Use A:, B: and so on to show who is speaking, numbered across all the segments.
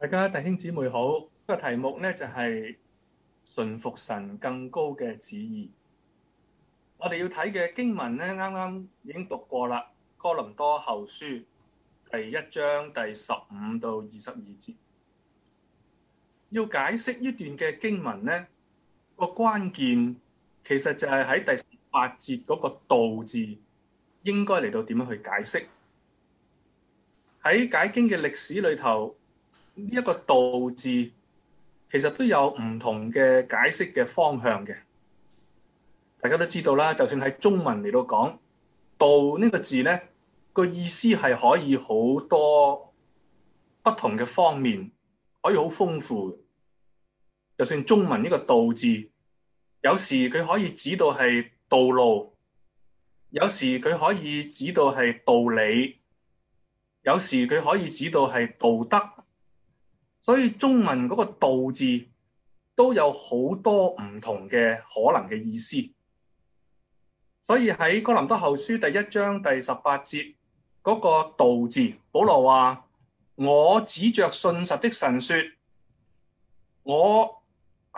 A: 大家弟兄姊妹好，這個題目咧就係、是、順服神更高嘅旨意。我哋要睇嘅經文咧，啱啱已經讀過啦，《哥林多後書》第一章第十五到二十二節。要解釋呢段嘅經文咧，個關鍵其實就係喺第十八節嗰個道字，應該嚟到點樣去解釋？喺解經嘅歷史裏頭。呢一個道字，其實都有唔同嘅解釋嘅方向嘅。大家都知道啦，就算喺中文嚟到講道呢個字咧，呢個意思係可以好多不同嘅方面，可以好豐富。就算中文呢個道字，有時佢可以指到係道路，有時佢可以指到係道理，有時佢可以指到係道，道德。所以中文嗰個道字都有好多唔同嘅可能嘅意思，所以喺哥林多後書第一章第十八節嗰個道字，保羅話：我指着信實的神説，我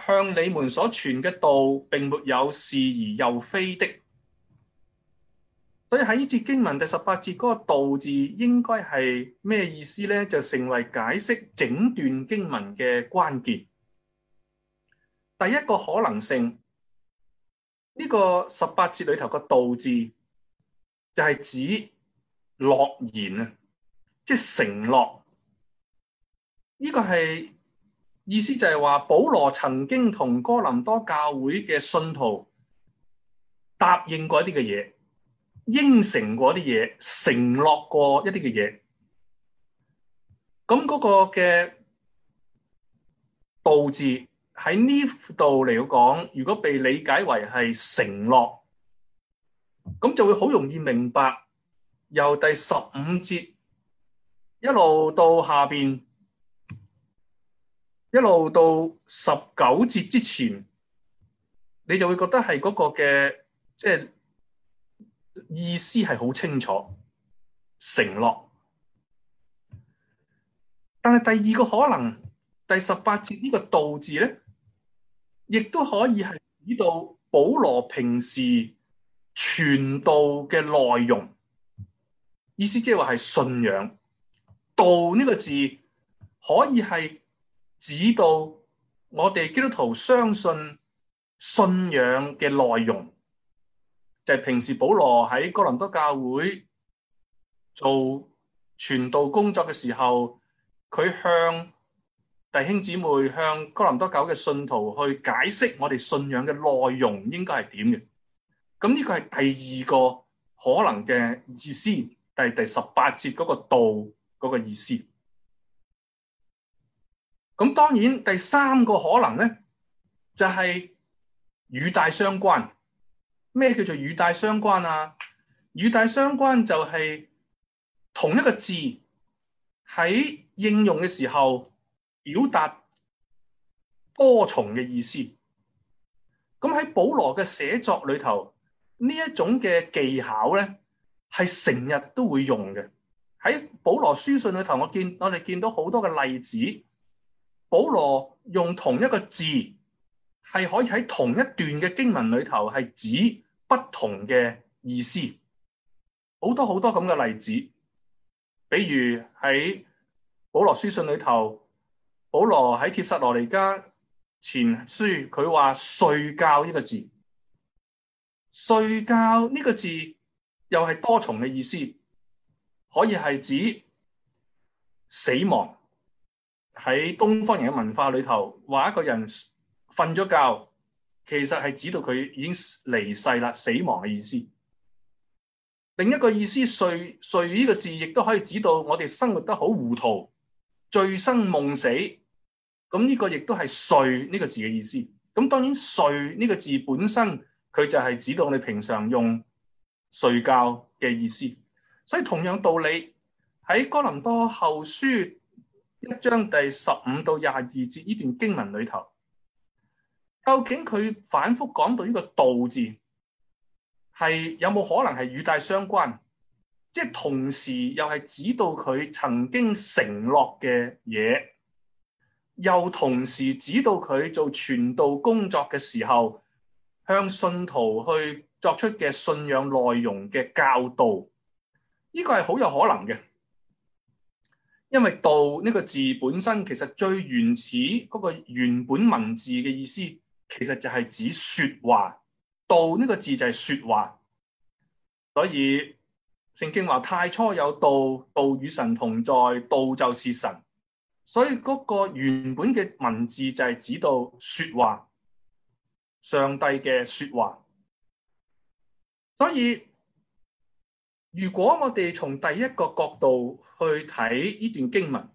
A: 向你們所傳嘅道並沒有是而又非的。所以喺呢節經文第十八節嗰個道字應該係咩意思咧？就成為解釋整段經文嘅關鍵。第一個可能性，呢、這個十八節裏頭個道字就係指諾言啊，即係承諾。呢、這個係意思就係話保羅曾經同哥林多教會嘅信徒答應過一啲嘅嘢。應承過啲嘢，承諾過一啲嘅嘢，咁嗰個嘅道字喺呢度嚟講，如果被理解為係承諾，咁就會好容易明白由第十五節一路到下邊，一路到十九節之前，你就會覺得係嗰個嘅即係。就是意思係好清楚，承諾。但係第二個可能，第十八節呢個道字咧，亦都可以係指到保羅平時傳道嘅內容。意思即係話係信仰。道呢個字，可以係指到我哋基督徒相信信仰嘅內容。就係平時保羅喺哥林多教會做傳道工作嘅時候，佢向弟兄姊妹、向哥林多教會嘅信徒去解釋我哋信仰嘅內容應該係點嘅。咁、嗯、呢、這個係第二個可能嘅意思，第第十八節嗰個道嗰、那個意思。咁、嗯、當然第三個可能咧，就係、是、與大相關。咩叫做語帶相關啊？語帶相關就係同一個字喺應用嘅時候表達多重嘅意思。咁喺保羅嘅寫作裏頭，呢一種嘅技巧咧係成日都會用嘅。喺保羅書信裏頭我，我見我哋見到好多嘅例子，保羅用同一個字。係可以喺同一段嘅經文裏頭係指不同嘅意思，好多好多咁嘅例子。比如喺《保羅書信》裏頭，保羅喺帖撒羅尼加前書，佢話睡覺呢個字，睡覺呢個字又係多重嘅意思，可以係指死亡。喺東方人嘅文化裏頭，話一個人。瞓咗覺，其實係指到佢已經離世啦，死亡嘅意思。另一個意思，睡睡呢個字亦都可以指到我哋生活得好糊塗，醉生夢死。咁呢個亦都係睡呢個字嘅意思。咁當然，睡呢個字本身佢就係指到你平常用睡覺嘅意思。所以同樣道理，喺哥林多後書一章第十五到廿二節呢段經文裏頭。究竟佢反覆講到呢個道字，係有冇可能係與大相關？即係同時又係指導佢曾經承諾嘅嘢，又同時指導佢做傳道工作嘅時候，向信徒去作出嘅信仰內容嘅教導，呢個係好有可能嘅，因為道呢個字本身其實最原始嗰個原本文字嘅意思。其實就係指說話，道呢個字就係說話，所以聖經話太初有道，道與神同在，道就是神，所以嗰、那個原本嘅文字就係指到說話，上帝嘅說話。所以如果我哋從第一個角度去睇呢段經文，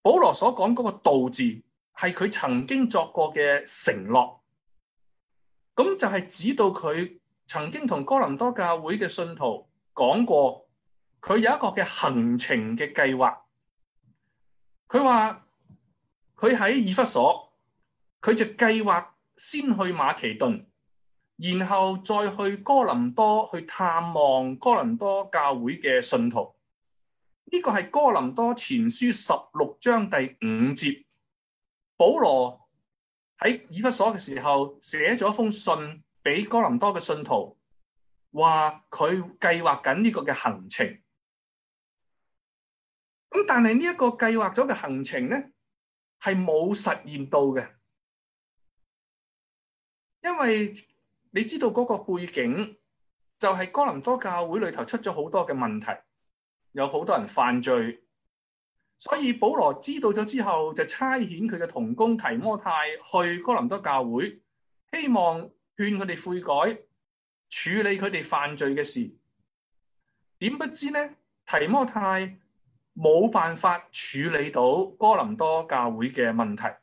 A: 保羅所講嗰個道字，係佢曾經作過嘅承諾，咁就係指導佢曾經同哥林多教會嘅信徒講過，佢有一個嘅行程嘅計劃。佢話佢喺以弗所，佢就計劃先去馬其頓，然後再去哥林多去探望哥林多教會嘅信徒。呢、呢個係哥林多前書十六章第五節。保羅喺以弗所嘅時候寫咗一封信俾哥林多嘅信徒，話佢計劃緊呢個嘅行程。咁但係呢一個計劃咗嘅行程咧，係冇實現到嘅，因為你知道嗰個背景就係哥林多教會裏頭出咗好多嘅問題，有好多人犯罪。所以保羅知道咗之後，就差遣佢嘅同工提摩太去哥林多教會，希望勸佢哋悔改，處理佢哋犯罪嘅事。點不知呢？提摩太冇辦法處理到哥林多教會嘅問題，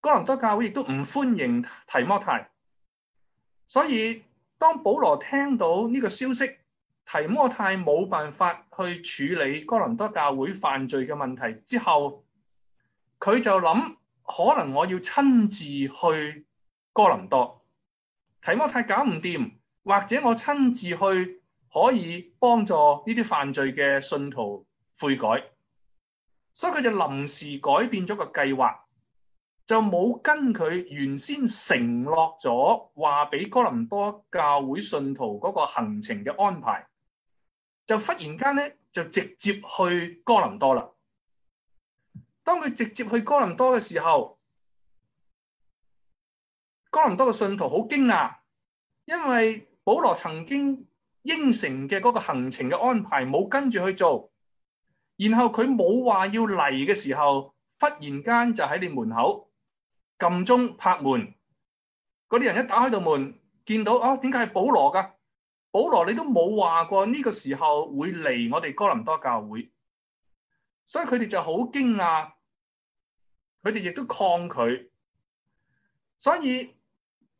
A: 哥林多教會亦都唔歡迎提摩太。所以當保羅聽到呢個消息，提摩太冇辦法去處理哥林多教會犯罪嘅問題之後，佢就諗可能我要親自去哥林多。提摩太搞唔掂，或者我親自去可以幫助呢啲犯罪嘅信徒悔改，所以佢就臨時改變咗個計劃，就冇跟佢原先承諾咗話畀哥林多教會信徒嗰個行程嘅安排。就忽然間咧，就直接去哥林多啦。當佢直接去哥林多嘅時候，哥林多嘅信徒好驚訝，因為保羅曾經應承嘅嗰個行程嘅安排冇跟住去做，然後佢冇話要嚟嘅時候，忽然間就喺你門口撳鐘拍門，嗰啲人一打開度門，見到哦，點解係保羅噶？保羅你都冇話過呢個時候會嚟我哋哥林多教會，所以佢哋就好驚訝，佢哋亦都抗拒，所以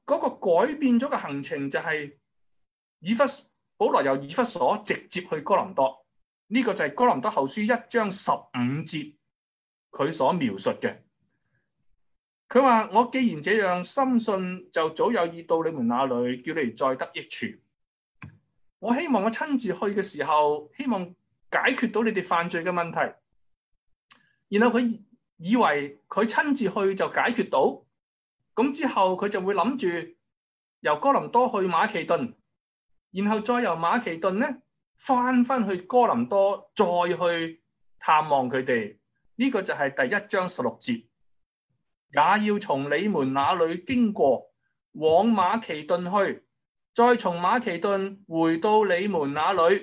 A: 嗰個改變咗嘅行程就係以弗保羅由以弗所直接去哥林多，呢個就係哥林多後書一章十五節佢所描述嘅。佢話，我既然這樣深信，就早有意到你們那裡，叫你們再得益處。我希望我親自去嘅時候，希望解決到你哋犯罪嘅問題。然後佢以為佢親自去就解決到，咁之後佢就會諗住由哥林多去馬其頓，然後再由馬其頓咧翻翻去哥林多再去探望佢哋。呢個就係第一章十六節，也要從你們那裏經過往馬其頓去。再從馬其頓回到你們那裏，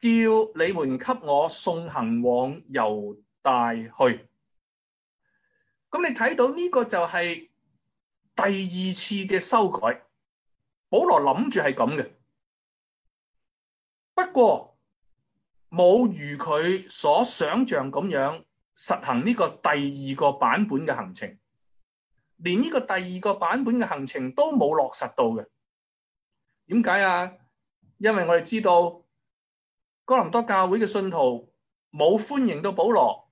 A: 叫你們給我送行往猶大去。咁你睇到呢個就係第二次嘅修改。保羅諗住係咁嘅，不過冇如佢所想象咁樣實行呢個第二個版本嘅行程，連呢個第二個版本嘅行程都冇落實到嘅。點解啊？因為我哋知道哥林多教會嘅信徒冇歡迎到保羅，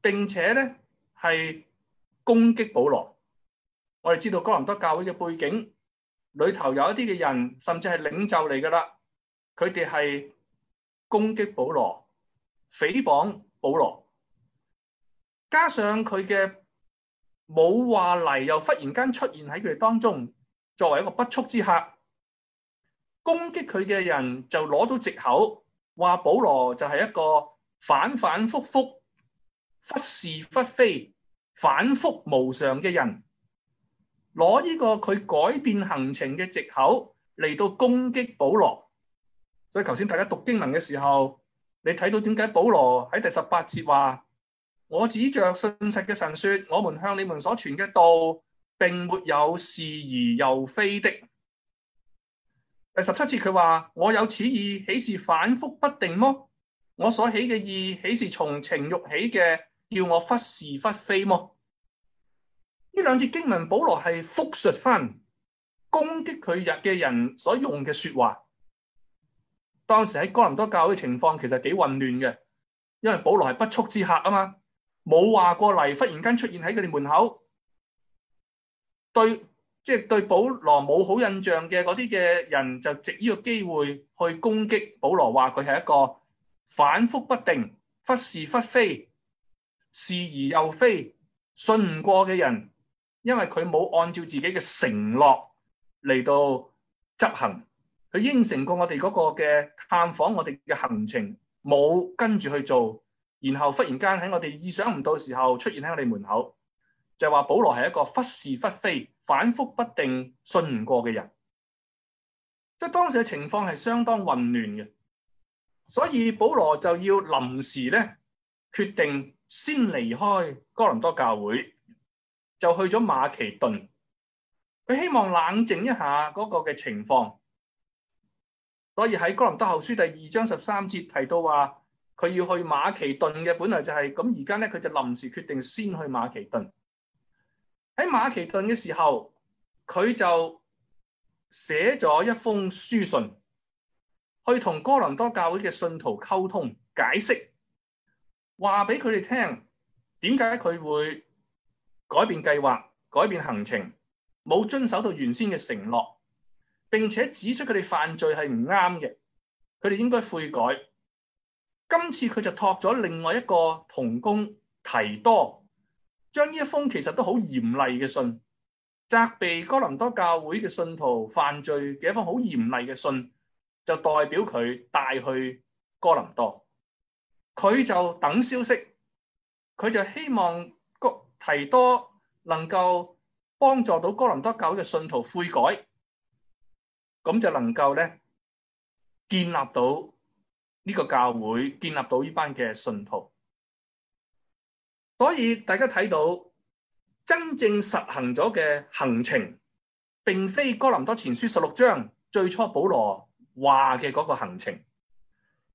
A: 並且咧係攻擊保羅。我哋知道哥林多教會嘅背景裏頭有一啲嘅人，甚至係領袖嚟噶啦佢哋係攻擊保羅、誹謗保羅，加上佢嘅冇話嚟，又忽然間出現喺佢哋當中，作為一個不速之客。攻擊佢嘅人就攞到借口，話保羅就係一個反反复覆、忽是忽非、反覆無常嘅人，攞呢個佢改變行程嘅借口嚟到攻擊保羅。所以頭先大家讀經文嘅時候，你睇到點解保羅喺第十八節話：我指着信實嘅神說，我們向你們所傳嘅道，並沒有是而又非的。第十七節佢話：我有此意，豈是反覆不定麼？我所起嘅意，豈是從情欲起嘅？叫我忽是忽非麼？呢兩節經文，保羅係複述翻攻擊佢日嘅人所用嘅說話。當時喺哥林多教會嘅情況其實幾混亂嘅，因為保羅係不速之客啊嘛，冇話過嚟，忽然間出現喺佢哋門口，對。即係對保羅冇好印象嘅嗰啲嘅人，就藉呢個機會去攻擊保羅，話佢係一個反覆不定、忽是忽非、是而又非、信唔過嘅人，因為佢冇按照自己嘅承諾嚟到執行，佢應承過我哋嗰個嘅探訪，我哋嘅行程冇跟住去做，然後忽然間喺我哋意想唔到時候出現喺我哋門口，就話保羅係一個忽是忽非。反覆不定、信唔過嘅人，即係當時嘅情況係相當混亂嘅，所以保羅就要臨時咧決定先離開哥林多教會，就去咗馬其頓。佢希望冷靜一下嗰個嘅情況，所以喺哥林多後書第二章十三節提到話，佢要去馬其頓嘅，本來就係、是、咁，而家咧佢就臨時決定先去馬其頓。喺馬其頓嘅時候，佢就寫咗一封書信，去同哥林多教會嘅信徒溝通解釋，話俾佢哋聽點解佢會改變計劃、改變行程，冇遵守到原先嘅承諾，並且指出佢哋犯罪係唔啱嘅，佢哋應該悔改。今次佢就託咗另外一個同工提多。將呢一封其實都好嚴厲嘅信，責備哥林多教會嘅信徒犯罪嘅一封好嚴厲嘅信，就代表佢帶去哥林多。佢就等消息，佢就希望提多能夠幫助到哥林多教會嘅信徒悔改，咁就能夠咧建立到呢個教會，建立到呢班嘅信徒。所以大家睇到真正實行咗嘅行程，並非哥林多前書十六章最初保羅話嘅嗰個行程，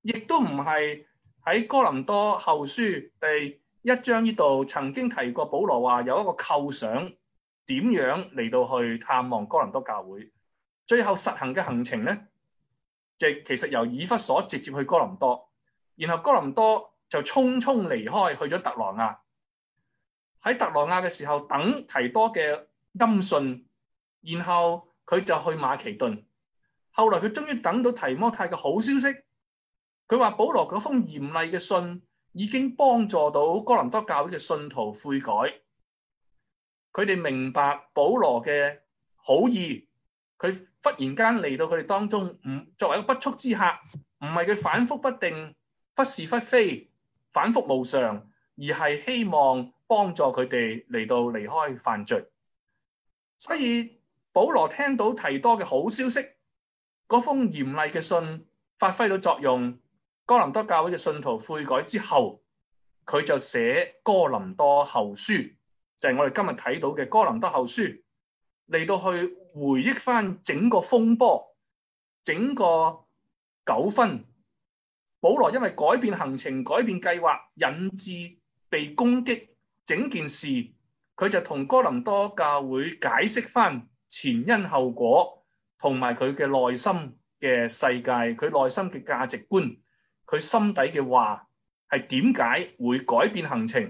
A: 亦都唔係喺哥林多後書第一章呢度曾經提過保羅話有一個構想點樣嚟到去探望哥林多教會。最後實行嘅行程咧，即其實由以弗所直接去哥林多，然後哥林多就匆匆離開去咗特羅亞。喺特羅亞嘅時候等提多嘅音訊，然後佢就去馬其頓。後來佢終於等到提摩太嘅好消息。佢話：保羅嗰封嚴厲嘅信已經幫助到哥林多教會嘅信徒悔改，佢哋明白保羅嘅好意。佢忽然間嚟到佢哋當中，唔作為一個不速之客，唔係佢反覆不定、忽是忽非、反覆無常，而係希望。幫助佢哋嚟到離開犯罪，所以保羅聽到提多嘅好消息，嗰封嚴厲嘅信發揮咗作用，哥林多教會嘅信徒悔改之後，佢就寫哥林多後書，就係我哋今日睇到嘅哥林多後書，嚟到去回憶翻整個風波、整個糾紛。保羅因為改變行程、改變計劃，引致被攻擊。整件事，佢就同哥林多教會解釋翻前因後果，同埋佢嘅內心嘅世界，佢內心嘅價值觀，佢心底嘅話，係點解會改變行程，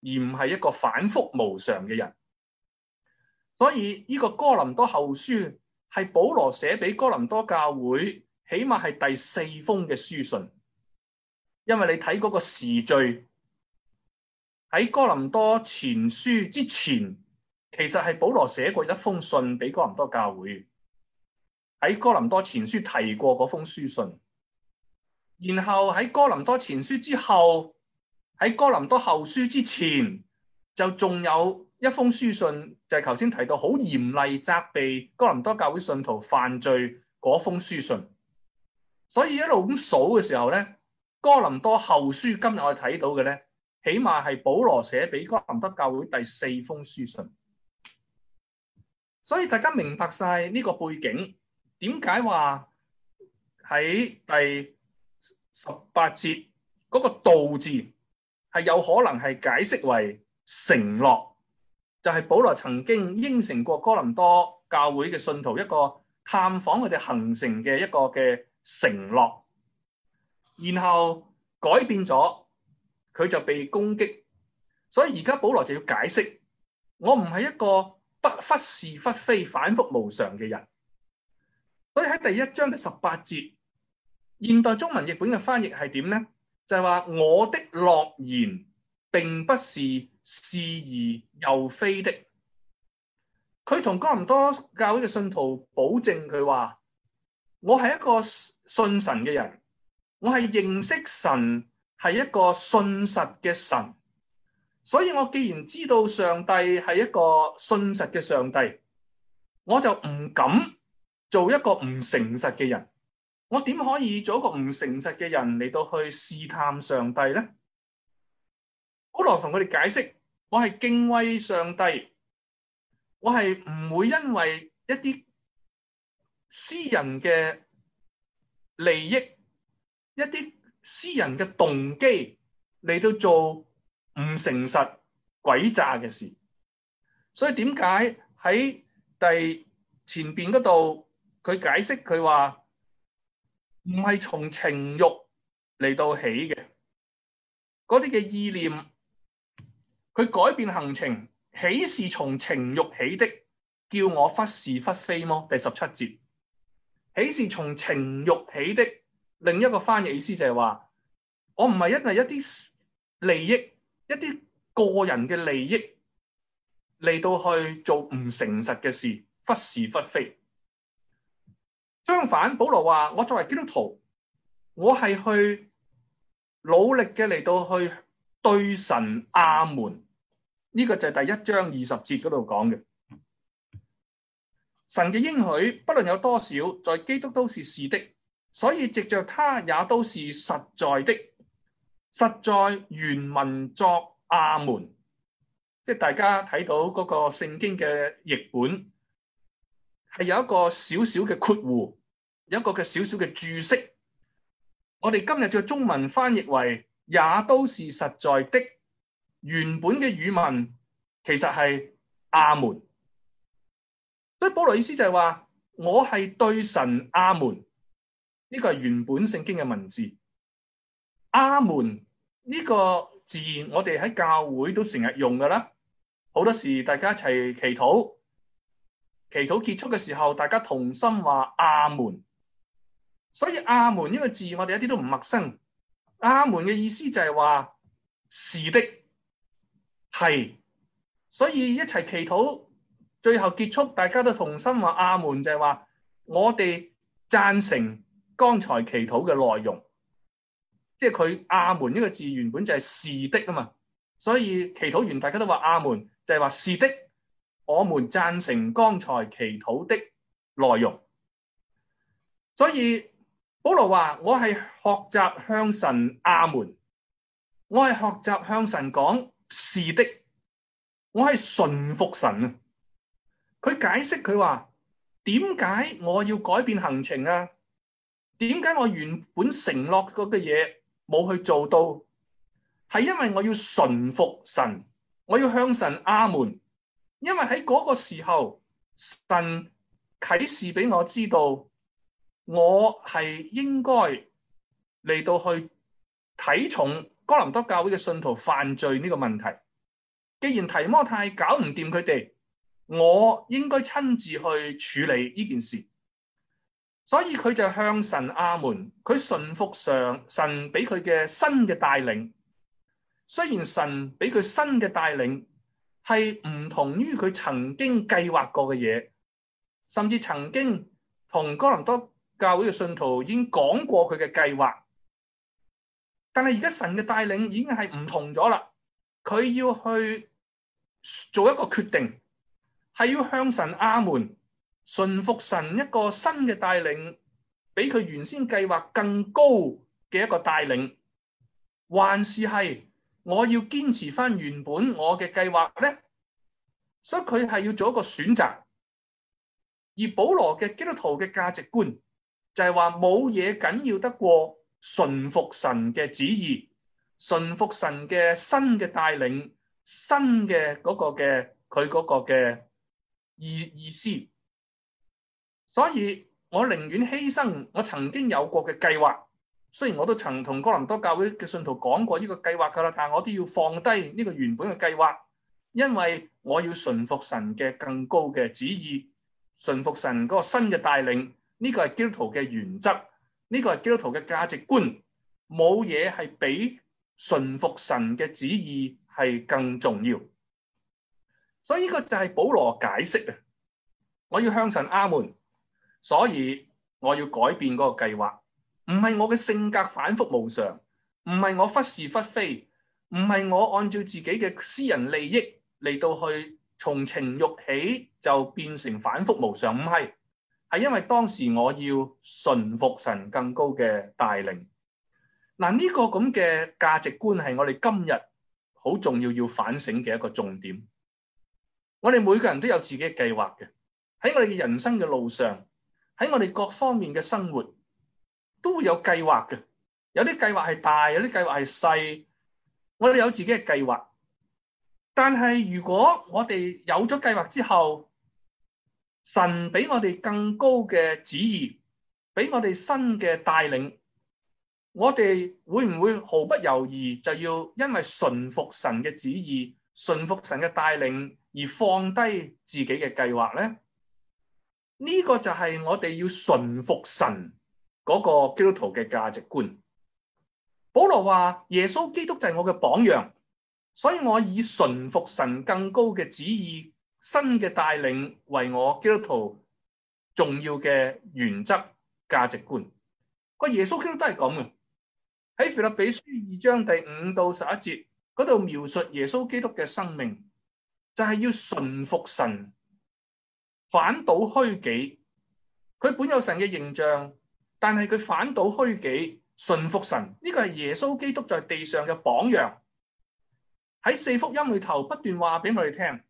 A: 而唔係一個反覆無常嘅人。所以呢個哥林多後書係保羅寫俾哥林多教會，起碼係第四封嘅書信，因為你睇嗰個時序。喺哥林多前書之前，其實係保羅寫過一封信俾哥林多教會。喺哥林多前書提過嗰封書信，然後喺哥林多前書之後，喺哥林多後書之前，就仲有一封書信，就係頭先提到好嚴厲責備哥林多教會信徒犯罪嗰封書信。所以一路咁數嘅時候咧，哥林多後書今日我哋睇到嘅咧。起碼係保羅寫俾哥林多教會第四封書信，所以大家明白晒呢個背景，點解話喺第十八節嗰、那個道字係有可能係解釋為承諾，就係、是、保羅曾經應承過哥林多教會嘅信徒一個探訪佢哋行程嘅一個嘅承諾，然後改變咗。佢就被攻擊，所以而家保羅就要解釋，我唔係一個不忽是忽非、反覆無常嘅人。所以喺第一章嘅十八節，現代中文譯本嘅翻譯係點咧？就係、是、話我的諾言並不是是而又非的。佢同哥林多教會嘅信徒保證佢話：我係一個信神嘅人，我係認識神。係一個信實嘅神，所以我既然知道上帝係一個信實嘅上帝，我就唔敢做一個唔誠實嘅人。我點可以做一個唔誠實嘅人嚟到去試探上帝咧？好，保羅同佢哋解釋，我係敬畏上帝，我係唔會因為一啲私人嘅利益一啲。私人嘅動機嚟到做唔誠實、詭詐嘅事，所以點解喺第前邊嗰度佢解釋，佢話唔係從情欲嚟到起嘅嗰啲嘅意念，佢改變行程，豈是從情欲起的，叫我忽是忽非麼？第十七節，豈是從情欲起的。另一個翻譯意思就係話，我唔係因為一啲利益、一啲個人嘅利益嚟到去做唔誠實嘅事，忽是忽非。相反，保羅話：我作為基督徒，我係去努力嘅嚟到去對神阿門。呢、這個就係第一章二十節嗰度講嘅。神嘅應許，不論有多少，在基督都是是的。所以藉着他也都是實在的，實在原文作阿門，即係大家睇到嗰個聖經嘅譯本係有一個小小嘅括弧，有一個嘅小小嘅注釋。我哋今日嘅中文翻譯為也都是實在的，原本嘅語文其實係阿門。所以保羅意思就係話，我係對神阿門。呢個係原本聖經嘅文字。阿門呢個字，我哋喺教會都成日用嘅啦。好多時大家一齊祈禱，祈禱結束嘅時候，大家同心話阿門。所以阿門呢個字，我哋一啲都唔陌生。阿門嘅意思就係話是的，係。所以一齊祈禱最後結束，大家都同心話阿門，就係話我哋贊成。剛才祈禱嘅內容，即係佢阿門呢個字原本就係是的啊嘛，所以祈禱完，大家都話阿門，就係話是的，我們贊成剛才祈禱的內容。這個就是，所以保羅話：我係學習向神阿門，我係學習向神講是的，我係順服神啊。佢解釋佢話：點解我要改變行程啊？點解我原本承諾嗰啲嘢，冇去做到？係因為我要順服神，我要向神阿門。因為喺嗰個時候，神啟示俾我知道，我係應該嚟到去睇重哥林多教會嘅信徒犯罪呢個問題。既然提摩太搞唔掂佢哋，我應該親自去處理呢件事。所以佢就向神阿門，佢順服上神俾佢嘅新嘅帶領。雖然神俾佢新嘅帶領係唔同於佢曾經計劃過嘅嘢，甚至曾經同哥林多教會嘅信徒已經講過佢嘅計劃，但係而家神嘅帶領已經係唔同咗啦。佢要去做一個決定，係要向神阿門。順服神一個新嘅帶領，比佢原先計劃更高嘅一個帶領，還是係我要堅持翻原本我嘅計劃呢？所以佢係要做一個選擇。而保羅嘅基督徒嘅價值觀就係話，冇嘢緊要得過順服神嘅旨意，順服神嘅新嘅帶領，新嘅嗰個嘅佢嗰個嘅意意思。所以我寧願犧牲我曾經有過嘅計劃，雖然我都曾同哥林多教會嘅信徒講過呢個計劃噶啦，但我都要放低呢個原本嘅計劃，因為我要順服神嘅更高嘅旨意，順服神嗰個新嘅帶領。呢個係基督徒嘅原則，呢個係基督徒嘅價值觀，冇嘢係比順服神嘅旨意係更重要。所以呢個就係保羅解釋啊，我要向神阿門。所以我要改變嗰個計劃，唔係我嘅性格反覆無常，唔係我忽是忽非，唔係我按照自己嘅私人利益嚟到去從情欲起就變成反覆無常，唔係，係因為當時我要順服神更高嘅帶領。嗱、這、呢個咁嘅價值觀係我哋今日好重要要反省嘅一個重點。我哋每個人都有自己嘅計劃嘅，喺我哋嘅人生嘅路上。喺我哋各方面嘅生活都有計劃嘅，有啲計劃係大，有啲計劃係細。我哋有自己嘅計劃，但係如果我哋有咗計劃之後，神俾我哋更高嘅旨意，俾我哋新嘅帶領，我哋會唔會毫不猶豫就要因為順服神嘅旨意，順服神嘅帶領而放低自己嘅計劃咧？呢個就係我哋要順服神嗰個基督徒嘅價值觀。保羅話，耶穌基督就係我嘅榜樣，所以我以順服神更高嘅旨意、新嘅帶領為我基督徒重要嘅原則價值觀。個耶穌基督都係咁嘅。喺腓立比書二章第五到十一節嗰度描述耶穌基督嘅生命，就係、是、要順服神。反倒虛己，佢本有神嘅形象，但係佢反倒虛己，順服神。呢個係耶穌基督在地上嘅榜樣。喺四福音裏頭不斷話俾我哋聽，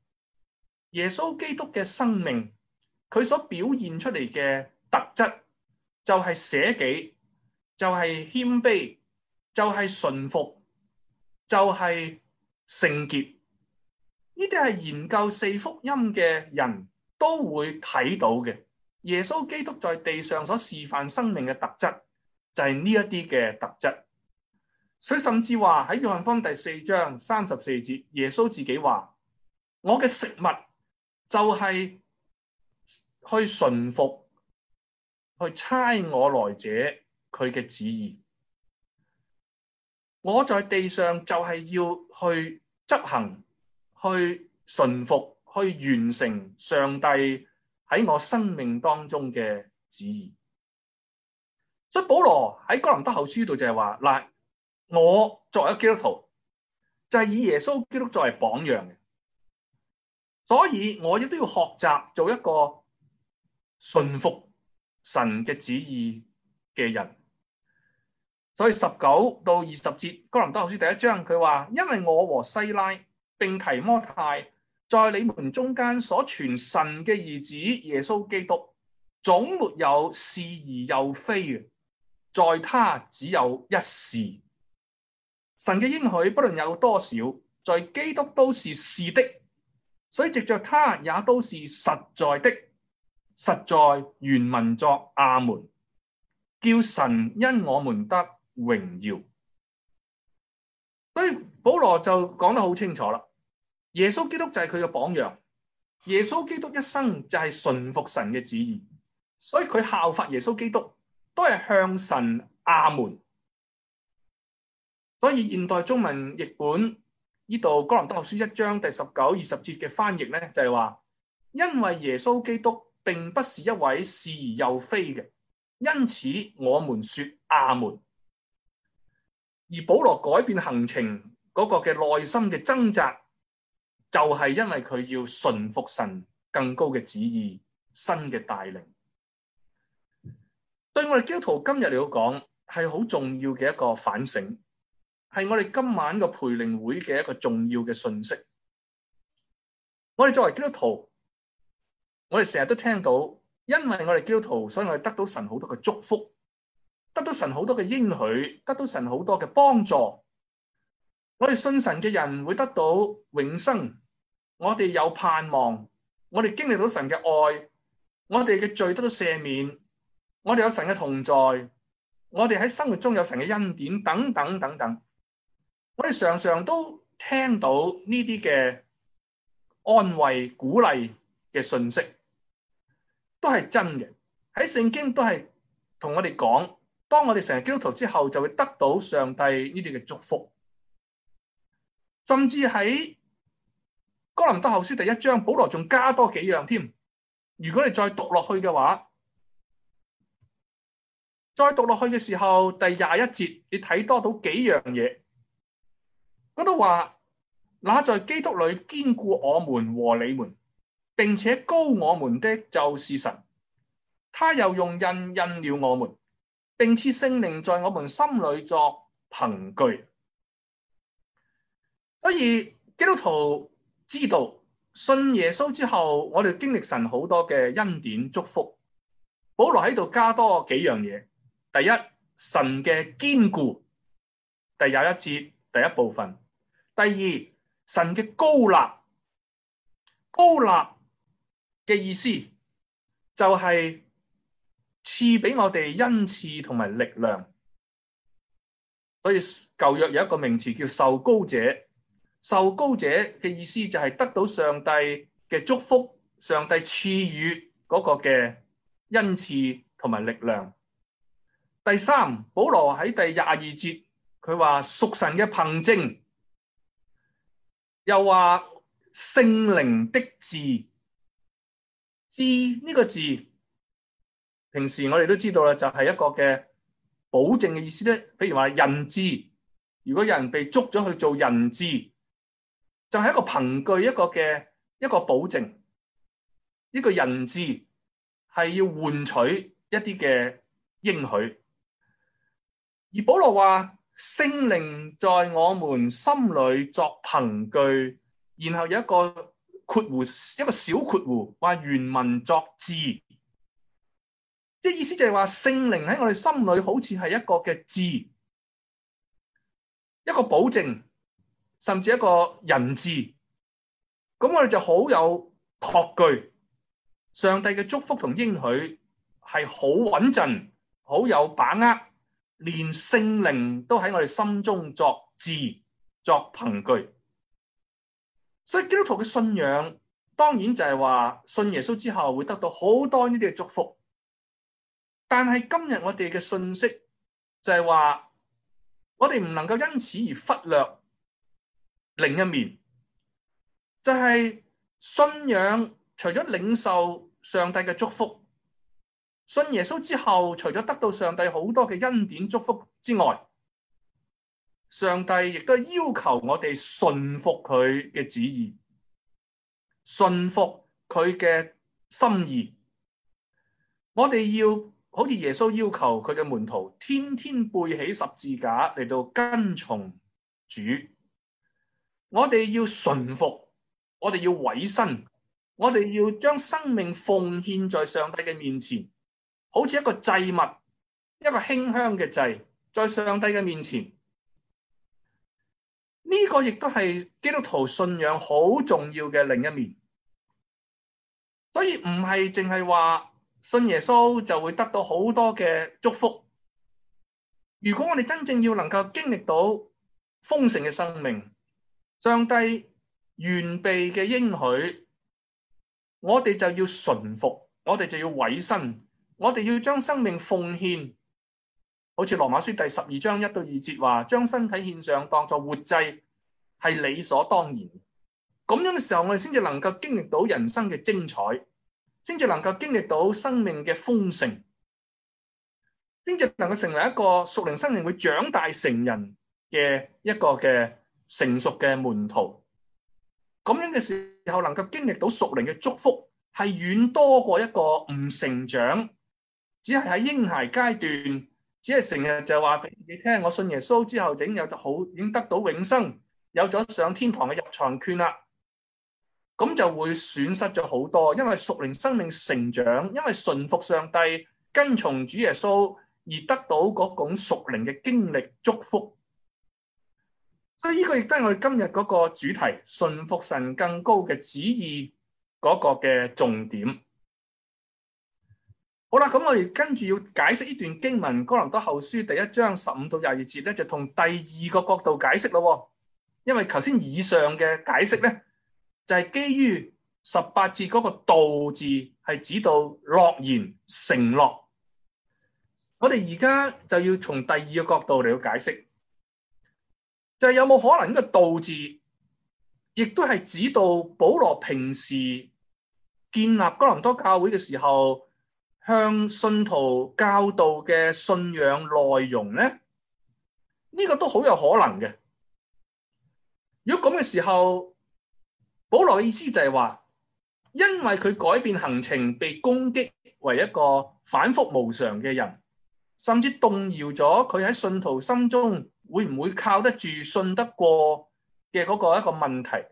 A: 耶穌基督嘅生命，佢所表現出嚟嘅特質，就係捨己，就係謙卑，就係順服，就係聖潔。呢啲係研究四福音嘅人都會睇到嘅，耶穌基督在地上所示範生命嘅特質，就係呢一啲嘅特質。所以甚至話喺約翰福音第四章三十四節，耶穌自己話：我嘅食物就係去順服，去猜我來者佢嘅旨意。我在地上就係要去執行，去順服。去完成上帝喺我生命當中嘅旨意，所以保羅喺哥林多後書度就係話，嗱，我作為基督徒就係、是、以耶穌基督作為榜樣嘅，所以我亦都要學習做一個順服神嘅旨意嘅人。所以十九到二十節哥林多後書第一章佢話，因為我和西拉並提摩太，在你們中間所傳神嘅兒子耶穌基督，總沒有是而又非，在他只有一是。神嘅應許不論有多少，在基督都是是的，所以藉着他也都是實在的，實在原文作阿門，叫神因我們得榮耀。對，保羅就講得好清楚啦。耶穌基督就係佢嘅榜樣，耶穌基督一生就係順服神嘅旨意，所以佢效法耶穌基督都係向神阿門。所以現代中文譯本呢度《哥林多後書》一章第十九二十節嘅翻譯咧，就係話，因為耶穌基督並不是一位是而又非嘅，因此我們說阿門。而保羅改變行程嗰個嘅內心嘅掙扎。就係因為佢要順服神更高嘅旨意，新嘅帶領，對我哋基督徒今日嚟講係好重要嘅一個反省，係我哋今晚個培靈會嘅一個重要嘅訊息。我哋作為基督徒，我哋成日都聽到，因為我哋基督徒，所以我哋得到神好多嘅祝福，得到神好多嘅應許，得到神好多嘅幫助。我哋信神嘅人會得到永生。我哋有盼望，我哋經歷到神嘅愛，我哋嘅罪得到赦免，我哋有神嘅同在，我哋喺生活中有神嘅恩典，等等等等，我哋常常都聽到呢啲嘅安慰、鼓勵嘅信息，都係真嘅。喺聖經都係同我哋講，當我哋成為基督徒之後，就會得到上帝呢啲嘅祝福，甚至喺。哥林多後書第一章，保羅仲加多幾樣添。如果你再讀落去嘅話，再讀落去嘅時候，第廿一節你睇多到幾樣嘢。嗰度話，那在基督裏堅固我們和你們，並且高我們的就是神。他又用印印了我們，並且聖靈在我們心裏作憑據。所以基督徒。知道信耶穌之後，我哋經歷神好多嘅恩典祝福。保羅喺度加多幾樣嘢。第一，神嘅堅固。第二十一節第一部分。第二，神嘅膏立。膏立嘅意思就係賜俾我哋恩賜同埋力量。所以舊約有一個名詞叫受膏者。受膏者嘅意思就係得到上帝嘅祝福，上帝賜予嗰個嘅恩賜同埋力量。第三，保羅喺第廿二節，佢話屬神嘅憑證，又話聖靈的質。質呢、這個質，平時我哋都知道啦，就係、是、一個嘅保證嘅意思咧。譬如話人質，如果有人被捉咗去做人質。就係一個憑據，一個嘅一個保證，一個人質，係要換取一啲嘅應許。而保羅話聖靈在我們心裏作憑據，然後有一個括弧，一個小括弧話原文作質，即係意思就係話聖靈喺我哋心裏好似係一個嘅質，一個保證。甚至一個人字，咁我哋就好有托句，上帝嘅祝福同應許係好穩陣、好有把握，連聖靈都喺我哋心中作字作憑據。所以基督徒嘅信仰，當然就係話信耶穌之後會得到好多呢啲嘅祝福。但係今日我哋嘅信息就係話，我哋唔能夠因此而忽略。另一面就係、是、信仰，除咗領受上帝嘅祝福，信耶穌之後，除咗得到上帝好多嘅恩典祝福之外，上帝亦都要求我哋順服佢嘅旨意，順服佢嘅心意。我哋要好似耶穌要求佢嘅門徒，天天背起十字架嚟到跟從主。我哋要順服，我哋要委身，我哋要將生命奉獻在上帝嘅面前，好似一個祭物，一個馨香嘅祭，在上帝嘅面前。呢個亦都係基督徒信仰好重要嘅另一面。所以唔係淨係話信耶穌就會得到好多嘅祝福。如果我哋真正要能夠經歷到豐盛嘅生命。上帝原備嘅應許，我哋就要順服，我哋就要委身，我哋要將生命奉獻，好似羅馬書第十二章一到二節話，將身體獻上當作活祭，係理所當然。咁樣嘅時候，我哋先至能夠經歷到人生嘅精彩，先至能夠經歷到生命嘅豐盛，先至能夠成為一個熟齡生命，會長大成人嘅一個嘅。成熟嘅門徒，咁樣嘅時候能夠經歷到屬靈嘅祝福，係遠多過一個唔成長，只係喺嬰孩階段，只係成日就話俾你聽，我信耶穌之後整有就好，已經得到永生，有咗上天堂嘅入場券啦。咁就會損失咗好多，因為屬靈生命成長，因為順服上帝、跟從主耶穌而得到嗰種屬靈嘅經歷祝福。所以呢個亦都係我哋今日嗰個主題，順服神更高嘅旨意嗰個嘅重點。好啦，咁我哋跟住要解釋呢段經文《哥林多後書》第一章十五到廿二節咧，就同第二個角度解釋咯、哦。因為頭先以上嘅解釋咧，就係、是、基於十八節嗰個道字係指到諾言、承諾。我哋而家就要從第二個角度嚟到解釋。就有冇可能呢個道字，亦都係指到保羅平時建立哥林多教會嘅時候，向信徒教導嘅信仰內容咧？呢、這個都好有可能嘅。如果咁嘅時候，保羅嘅意思就係話，因為佢改變行程，被攻擊為一個反覆無常嘅人，甚至動搖咗佢喺信徒心中。會唔會靠得住、信得過嘅嗰個一個問題？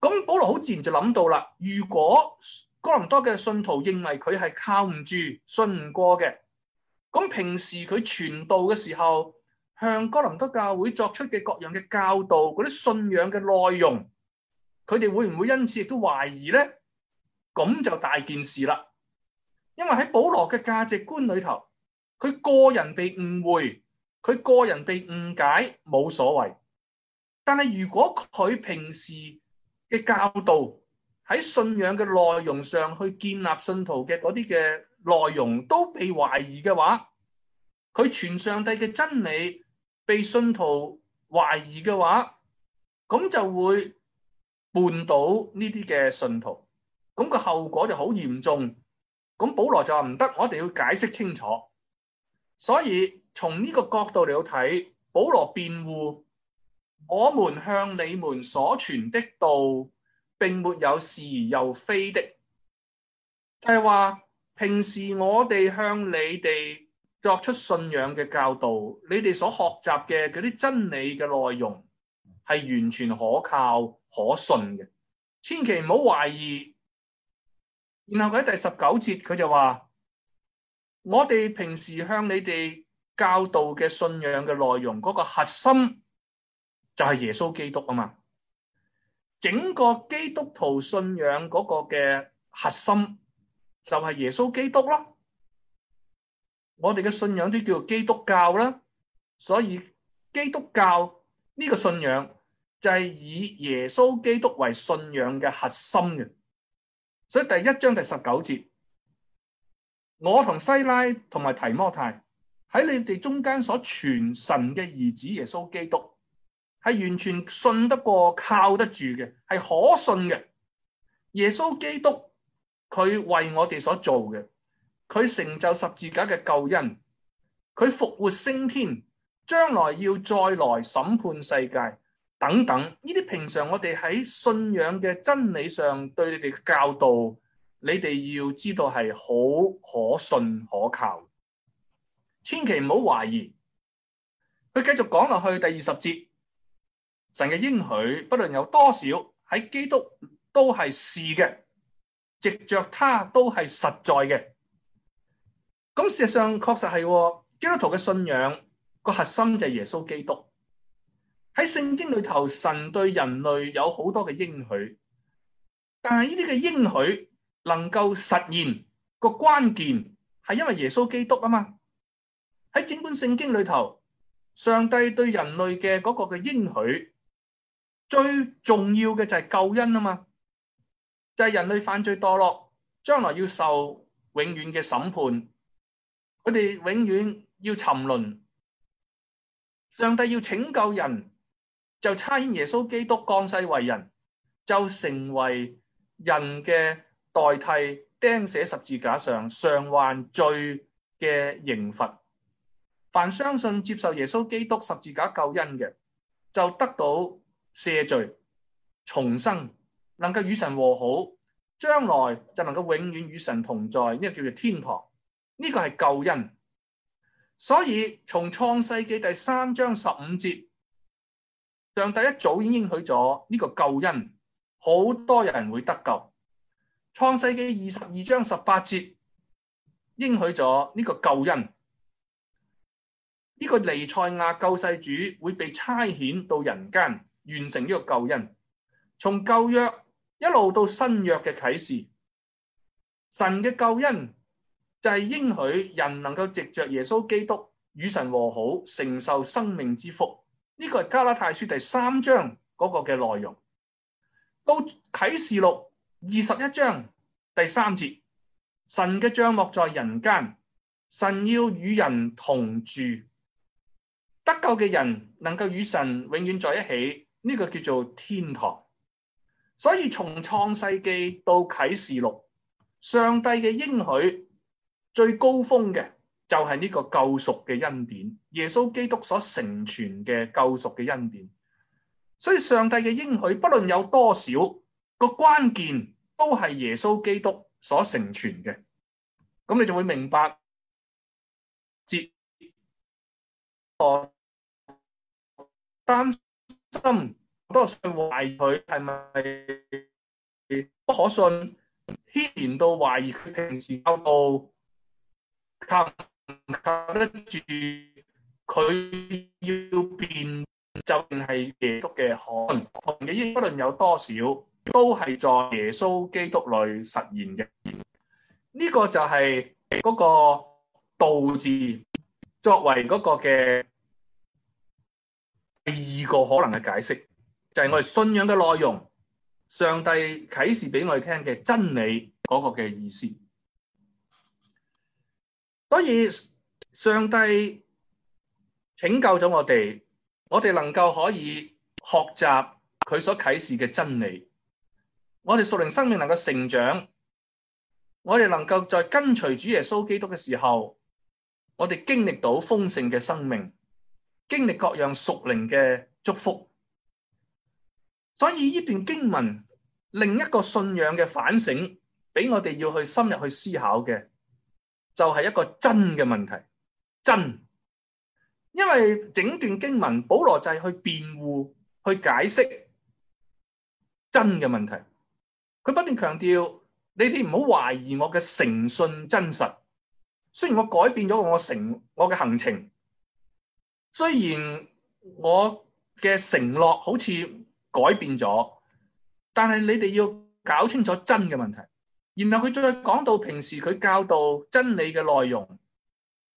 A: 咁保羅好自然就諗到啦。如果哥林多嘅信徒認為佢係靠唔住、信唔過嘅，咁平時佢傳道嘅時候，向哥林多教會作出嘅各樣嘅教導、嗰啲信仰嘅內容，佢哋會唔會因此亦都懷疑咧？咁就大件事啦。因為喺保羅嘅價值觀裏頭，佢個人被誤會。佢個人被誤解冇所謂，但係如果佢平時嘅教導喺信仰嘅內容上去建立信徒嘅嗰啲嘅內容都被懷疑嘅話，佢傳上帝嘅真理被信徒懷疑嘅話，咁就會絆倒呢啲嘅信徒，咁個後果就好嚴重。咁保羅就話唔得，我哋要解釋清楚，所以。從呢個角度嚟睇，保羅辯護，我們向你們所傳的道，並沒有是而又非的。就係話平時我哋向你哋作出信仰嘅教導，你哋所學習嘅嗰啲真理嘅內容係完全可靠可信嘅，千祈唔好懷疑。然後喺第十九節，佢就話我哋平時向你哋教導嘅信仰嘅內容，嗰個核心就係耶穌基督啊嘛！整個基督徒信仰嗰個嘅核心就係耶穌基督啦。我哋嘅信仰都叫基督教啦，所以基督教呢個信仰就係以耶穌基督為信仰嘅核心嘅。所以第一章第十九節，我同西拉同埋提摩太。喺你哋中間所傳神嘅兒子耶穌基督，係完全信得過、靠得住嘅，係可信嘅。耶穌基督，佢為我哋所做嘅，佢成就十字架嘅救恩，佢復活升天，將來要再來審判世界等等，呢啲平常我哋喺信仰嘅真理上對你哋嘅教導，你哋要知道係好可信可靠。千祈唔好懷疑，佢繼續講落去第二十節，神嘅應許不論有多少喺基督都係是嘅，藉著他都係實在嘅。咁事實上確實係基督徒嘅信仰個核心就係耶穌基督。喺聖經裏頭，神對人類有好多嘅應許，但係呢啲嘅應許能夠實現個關鍵係因為耶穌基督啊嘛。喺整本聖經裏頭，上帝對人類嘅嗰個嘅應許最重要嘅就係救恩啊嘛，就係、是、人類犯罪墮落，將來要受永遠嘅審判，佢哋永遠要沉淪。上帝要拯救人，就差遣耶穌基督降世為人，就成為人嘅代替，釘寫十字架上，償還罪嘅刑罰。凡相信接受耶穌基督十字架救恩嘅，就得到赦罪重生，能夠與神和好，將來就能夠永遠與神同在，呢個叫做天堂。呢個係救恩。所以從創世紀第三章十五節，上帝一早已經許咗呢個救恩，好多人會得救。創世紀二十二章十八節，應許咗呢個救恩。呢個彌賽亞救世主會被差遣到人間，完成呢個救恩。從舊約一路到新約嘅啟示，神嘅救恩就係應許人能夠藉着耶穌基督與神和好，承受生命之福。呢、這個係加拉太書第三章嗰個嘅內容。到啟示錄二十一章第三節，神嘅帳幕在人間，神要與人同住。得救嘅人能夠與神永遠在一起，呢個叫做天堂。所以從創世紀到啟示錄，上帝嘅應許最高峰嘅就係呢個救贖嘅恩典，耶穌基督所成全嘅救贖嘅恩典。所以上帝嘅應許不論有多少，個關鍵都係耶穌基督所成全嘅。咁你就會明白，接我。擔心，多係懷疑佢係咪不可信，牽連到懷疑佢平時教導，靠唔靠得住。佢要變，就係耶穌嘅可能嘅，依不論有多少，都係在耶穌基督裏實現嘅。呢、這個就係嗰個道字，作為嗰個嘅。第二個可能嘅解釋就係、是，我哋信仰嘅內容，上帝啟示俾我哋聽嘅真理嗰個嘅意思。所以上帝拯救咗我哋，我哋能夠可以學習佢所啟示嘅真理，我哋屬靈生命能夠成長，我哋能夠在跟隨主耶穌基督嘅時候，我哋經歷到豐盛嘅生命。經歷各樣屬靈嘅祝福，所以呢段經文另一個信仰嘅反省，俾我哋要去深入去思考嘅，就係一個真嘅問題，真。因為整段經文保羅就係去辯護、去解釋真嘅問題，佢不斷強調你哋唔好懷疑我嘅誠信真實。雖然我改變咗我成我嘅行程。雖然我嘅承諾好似改變咗，但係你哋要搞清楚真嘅問題，然後佢再講到平時佢教導真理嘅內容，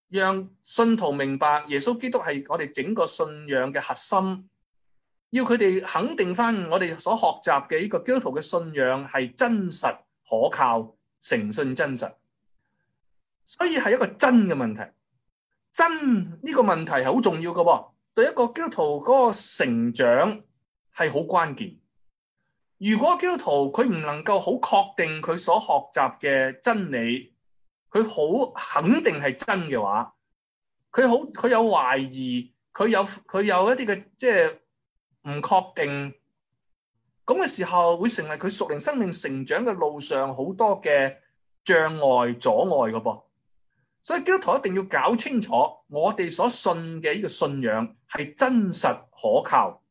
A: 讓信徒明白耶穌基督係我哋整個信仰嘅核心，要佢哋肯定翻我哋所學習嘅呢個基督徒嘅信仰係真實可靠、誠信真實，所以係一個真嘅問題。真呢，這個問題係好重要噶，哦，對一個基督徒嗰個成長係好關鍵。如果基督徒佢唔能夠好確定佢所學習嘅真理，佢好肯定係真嘅話，佢好佢有懷疑，佢有佢有一啲嘅即係唔確定，咁嘅時候會成為佢屬靈生命成長嘅路上好多嘅障礙阻礙噶噃，哦。所以基督徒一定要搞清楚，我哋所信嘅呢個信仰係真實可靠。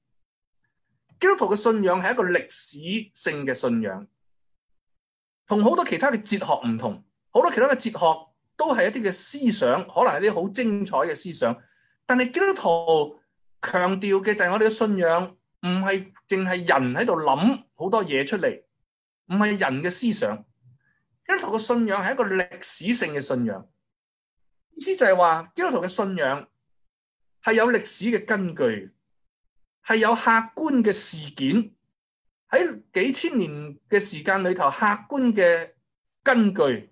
A: 基督徒嘅信仰係一個歷史性嘅信仰，同好多其他嘅哲學唔同。好多其他嘅哲學都係一啲嘅思想，可能係啲好精彩嘅思想。但係基督徒強調嘅就係我哋嘅信仰，唔係淨係人喺度諗好多嘢，出嚟，唔係人嘅思想。基督徒嘅信仰係一個歷史性嘅信仰。意思就係話基督徒嘅信仰係有歷史嘅根據，係有客觀嘅事件喺幾千年嘅時間裏頭，客觀嘅根據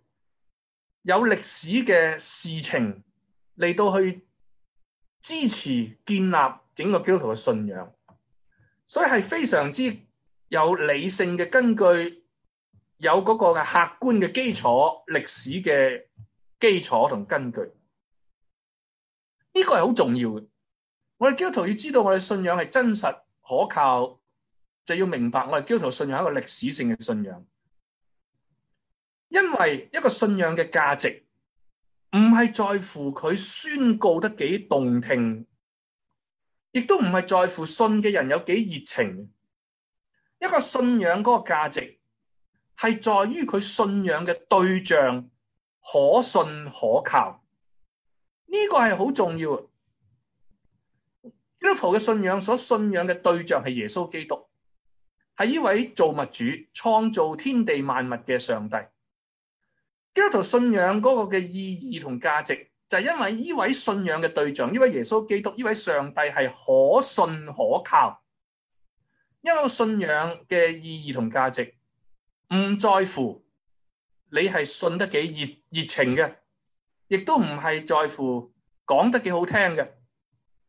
A: 有歷史嘅事情嚟到去支持建立整個基督徒嘅信仰，所以係非常之有理性嘅根據，有嗰個嘅客觀嘅基礎，歷史嘅。基礎同根據，呢個係好重要嘅。我哋基督徒要知道，我哋信仰係真實可靠，就要明白我哋基督徒信仰係一個歷史性嘅信仰。因為一個信仰嘅價值，唔係在乎佢宣告得幾動聽，亦都唔係在乎信嘅人有幾熱情。一個信仰嗰個價值，係在於佢信仰嘅對象。可信可靠，呢、這個係好重要。基督徒嘅信仰所信仰嘅對象係耶穌基督，係呢位造物主、創造天地萬物嘅上帝。基督徒信仰嗰個嘅意義同價值，就係、是、因為呢位信仰嘅對象，呢位耶穌基督，呢位上帝係可信可靠。因為信仰嘅意義同價值，唔在乎。你係信得幾熱熱情嘅，亦都唔係在乎講得幾好聽嘅，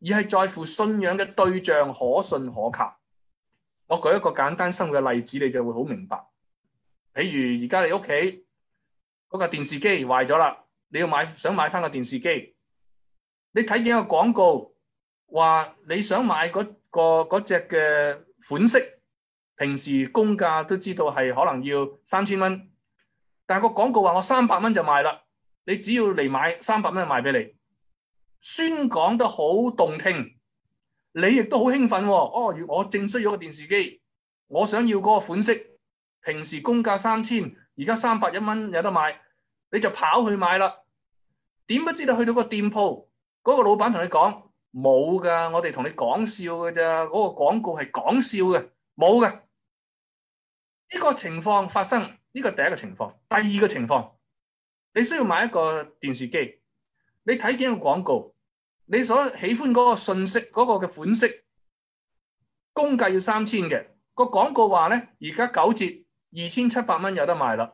A: 而係在乎信仰嘅對象可信可靠。我舉一個簡單生活嘅例子，你就會好明白。譬如而家你屋企嗰個電視機壞咗啦，你要買想買返個電視機，你睇見個廣告話你想買嗰、嗰個隻嘅、嗰個嗰個、款式，平時公價都知道係可能要三千蚊。但個廣告話：我三百蚊就賣啦，你只要嚟買三百蚊就賣俾你，宣講得好動聽，你亦都好興奮喎、哦。哦，我正需要個電視機，我想要嗰個款式，平時公價三千，而家三百一蚊有得買，你就跑去買啦。點都知你去到個店鋪，嗰、嗰個老闆同你講冇㗎，我哋同你講笑㗎咋。嗰、嗰個廣告係講笑嘅，冇嘅。呢、呢個情況發生。呢個第一個情況，第二個情況，你需要買一個電視機，你睇見個廣告，你所喜歡嗰個信息嗰個嘅款式，工價要三千嘅，個廣告話咧，而家九折，二千七百蚊有得賣啦。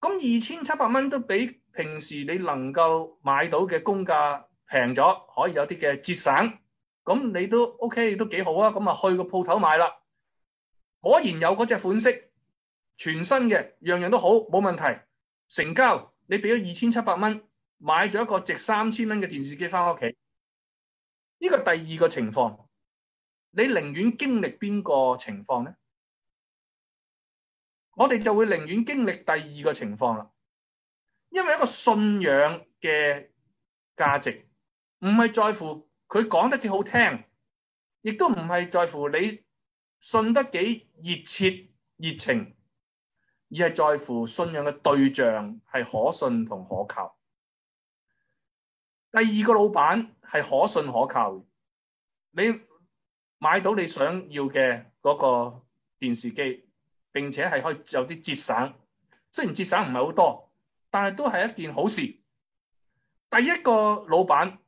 A: 咁二千七百蚊都比平時你能夠買到嘅工價平咗，可以有啲嘅節省。咁你都 OK 都幾好啊。咁啊去個鋪頭買啦，果然有嗰隻款式。全新嘅樣樣都好，冇問題，成交。你俾咗二千七百蚊買咗一個值三千蚊嘅電視機翻屋企，呢個第二個情況，你寧願經歷邊個情況咧？我哋就會寧願經歷第二個情況啦，因為一個信仰嘅價值唔係在乎佢講得幾好聽，亦都唔係在乎你信得幾熱切熱情。而係在乎信仰嘅對象係可信同可靠。第二個老闆係可信可靠，你買到你想要嘅嗰個電視機，並且係可以有啲節省，雖然節省唔係好多，但係都係一件好事。第一個老闆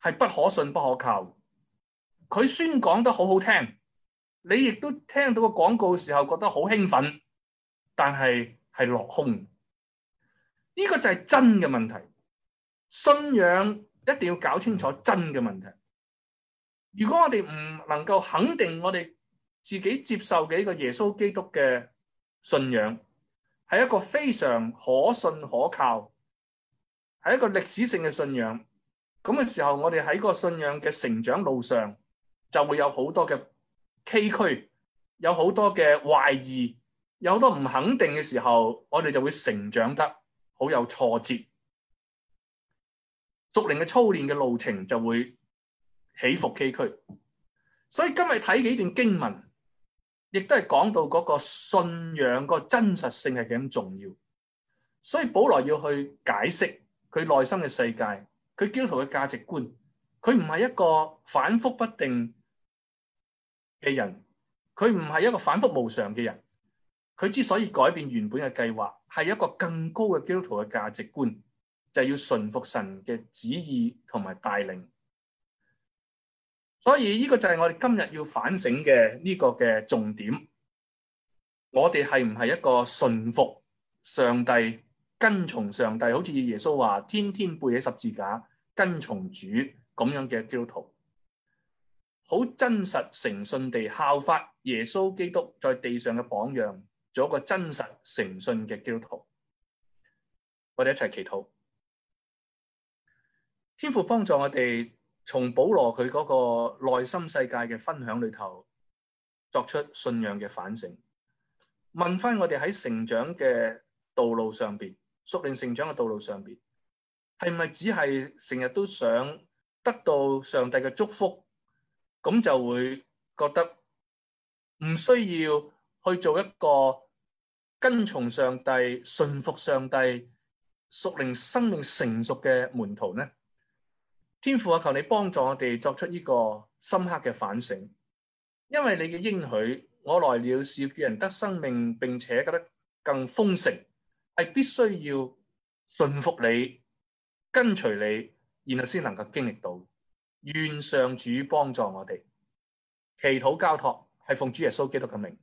A: 係不可信不可靠，佢宣講得好好聽，你亦都聽到個廣告嘅時候覺得好興奮。但係係落空，呢個就係真嘅問題。信仰一定要搞清楚真嘅問題。如果我哋唔能夠肯定我哋自己接受嘅一個耶穌基督嘅信仰係一個非常可信可靠，係一個歷史性嘅信仰，咁嘅時候，我哋喺個信仰嘅成長路上就會有好多嘅崎嶇，有好多嘅懷疑。有好多唔肯定嘅時候，我哋就會成長得好有挫折，屬靈嘅操練嘅路程就會起伏崎嶇。所以今日睇幾段經文，亦都係講到嗰個信仰個真實性係幾咁重要。所以保羅要去解釋佢內心嘅世界，佢基督徒嘅價值觀，佢唔係一個反覆不定嘅人，佢唔係一個反覆無常嘅人。佢之所以改變原本嘅計劃，係一個更高嘅基督徒嘅價值觀，就係要順服神嘅旨意同埋帶領。所以呢個就係我哋今日要反省嘅呢個嘅重點。我哋係唔係一個順服上帝、跟從上帝，好似耶穌話天天背起十字架、跟從主咁樣嘅基督徒，好真實、誠信地效法耶穌基督在地上嘅榜樣。做一個真實誠信嘅基督徒，我哋一齊祈禱。天父幫助我哋從保羅佢嗰個內心世界嘅分享裏頭，作出信仰嘅反省。問翻我哋喺成長嘅道路上邊，熟練成長嘅道路上邊，係咪只係成日都想得到上帝嘅祝福，咁就會覺得唔需要。去做一個跟從上帝、信服上帝、屬靈生命成熟嘅門徒呢？天父啊，求你幫助我哋作出呢個深刻嘅反省。因為你嘅應許，我來了是要叫人得生命，並且得的更豐盛，係必須要信服你、跟隨你，然後先能夠經歷到。願上主幫助我哋，祈禱交託係奉主耶穌基督嘅名。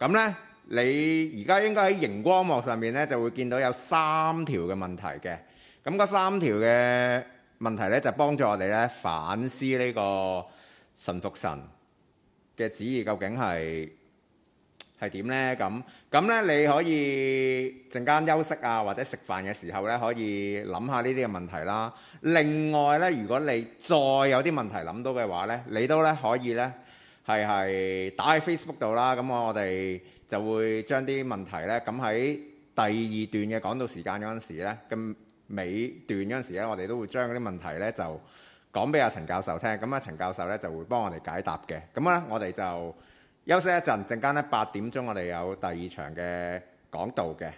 A: 咁呢，你而家應該喺熒光幕上面呢，就會見到有三條嘅問題嘅。咁嗰三條嘅問題呢，就幫助我哋呢反思呢個順服神嘅旨意究竟係係點呢？咁咁呢，你可以陣間休息啊，或者食飯嘅時候呢，可以諗下呢啲嘅問題啦。另外呢，如果你再有啲問題諗到嘅話呢，你都呢可以呢。係係打喺 Facebook 度啦，咁我哋就會將啲問題呢，咁喺第二段嘅講道時間嗰陣時咧，咁尾段嗰陣時咧，我哋都會將啲問題呢就講俾阿陳教授聽，咁阿陳教授呢就會幫我哋解答嘅。咁咧，我哋就休息一陣，陣間呢八點鐘我哋有第二場嘅講道嘅。